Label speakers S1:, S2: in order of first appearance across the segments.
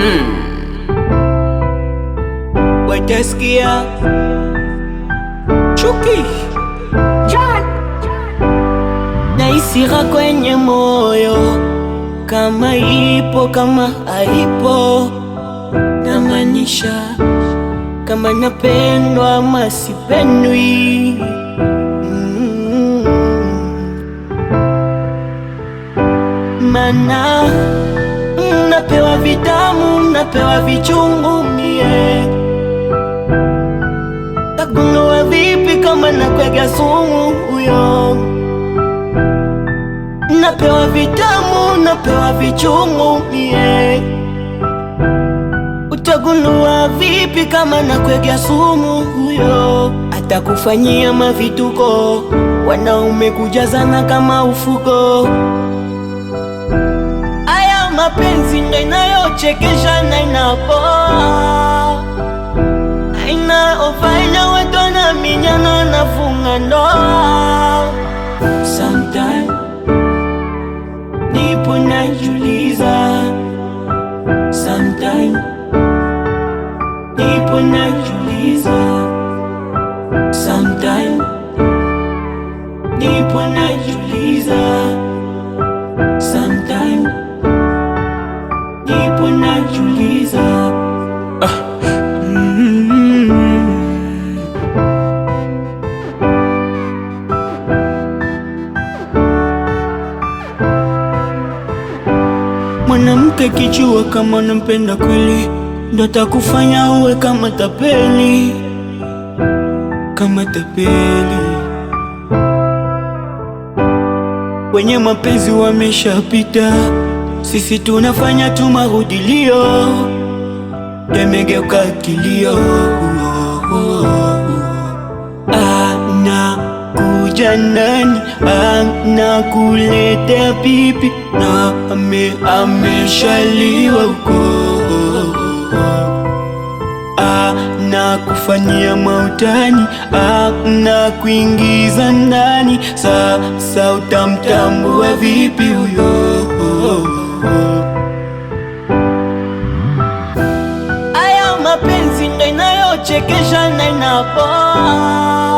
S1: mm. Weteskia chuki naisira kwenye moyo, kama ipo kama haipo, namanisha kama napendwa ama sipendwi mm. mana napewa vitamu, napewa vichungu, mie takunoa vipi kama nakwega sumu huyo? Napewa vitamu, napewa vichungu, mie utagunua vipi kama nakwega sumu huyo? Atakufanyia mavituko, wanaume kujazana kama ufuko mapenzi ndo inayochekesha na inapoa, aina ofaina wanaminyana na minyano na funga ndoa. Sometime nipo najiuliza, sometime nipo najiuliza, sometime nipo sometime, Mwanamke kichua kama nampenda kweli, ndo takufanya uwe kama tapeli, kama tapeli. Wenye mapenzi wameshapita, sisi tunafanya tu marudilio, yamegeuka kilio. ya nani anakuletea pipi na ame ameshaliwa uko anakufanyia mautani anakuingiza ndani, sasa utamtambua vipi huyo? Aya, mapenzi ndo inayochekesha na inapoa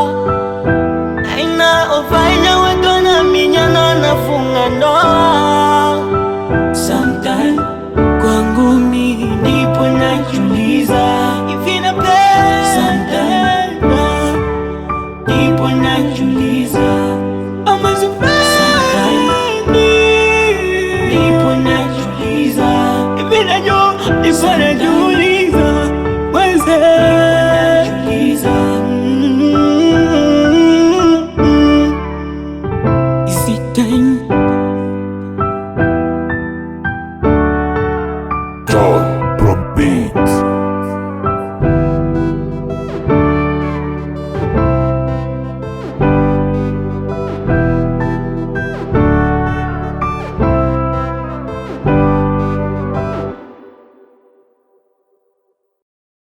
S1: If what I do